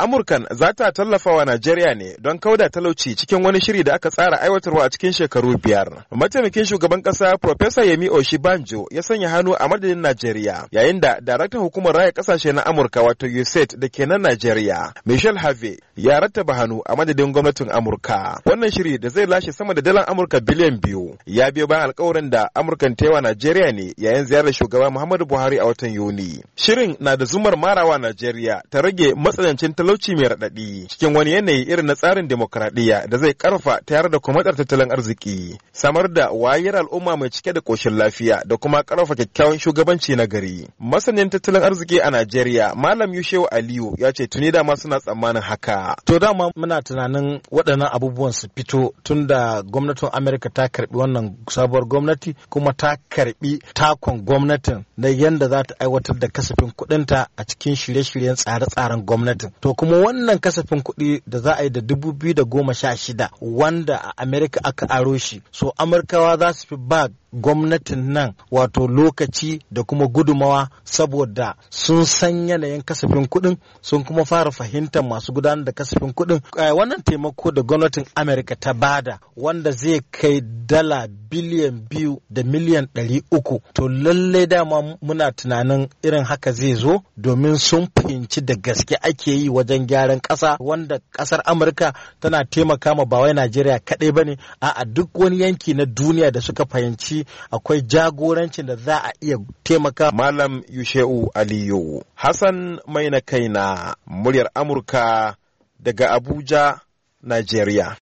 Amurkan za ta tallafa wa Najeriya ne don kauda talauci cikin wani shiri da aka tsara aiwatarwa a cikin shekaru biyar. Mataimakin shugaban ƙasa Profesa Yemi Oshibanjo ya sanya hannu a madadin Najeriya, yayin da daraktan hukumar raya ƙasashe na Amurka wato USAID da ke nan Najeriya, Michel Harvey ya rattaba hannu a madadin gwamnatin Amurka. Wannan shiri da zai lashe sama da dalar Amurka biliyan biyu ya biyo bayan alkawarin da Amurkan ta wa Najeriya ne yayin ziyarar shugaban Muhammadu Buhari a watan Yuni. Shirin na da zumar marawa Najeriya ta rage matsanancin talauci talauci mai raɗaɗi cikin wani yanayi irin na tsarin demokradiyya da zai karfa tayar da kuma tattalin arziki samar da wayar al'umma mai cike da koshin lafiya da kuma karfa kyakkyawan shugabanci na gari masanin tattalin arziki a Najeriya Malam yushewa Aliyu ya ce tuni dama suna tsammanin haka to dama muna tunanin waɗannan abubuwan su fito tun da gwamnatin Amerika ta karbi wannan sabuwar gwamnati kuma ta karbi takon gwamnatin na yadda za ta aiwatar da kasafin kuɗinta a cikin shirye-shiryen tsare-tsaren gwamnatin to kuma wannan kasafin kuɗi da za a yi da dubu biyu da goma sha shida wanda a amerika aka aro shi so amurkawa za su fi ba gwamnatin nan wato lokaci da kuma gudumawa saboda sun san yanayin kasafin kuɗin sun kuma fara fahimtar masu gudanar da kasafin kuɗin eh, wannan taimako da gwamnatin amerika ta bada wanda zai kai dala biliyan biyu da miliyan ɗari uku to lallai dama muna tunanin irin haka zai zo domin sun fahimci da gaske ake yi wajen wajen gyaran ƙasa wanda ƙasar amurka tana taimaka ma bawai wai najeriya kaɗai ba ne a duk wani yanki na duniya da suka fahimci akwai jagorancin da za a iya taimaka malam yushe'u aliyu hassan mai na kaina muryar amurka daga abuja najeriya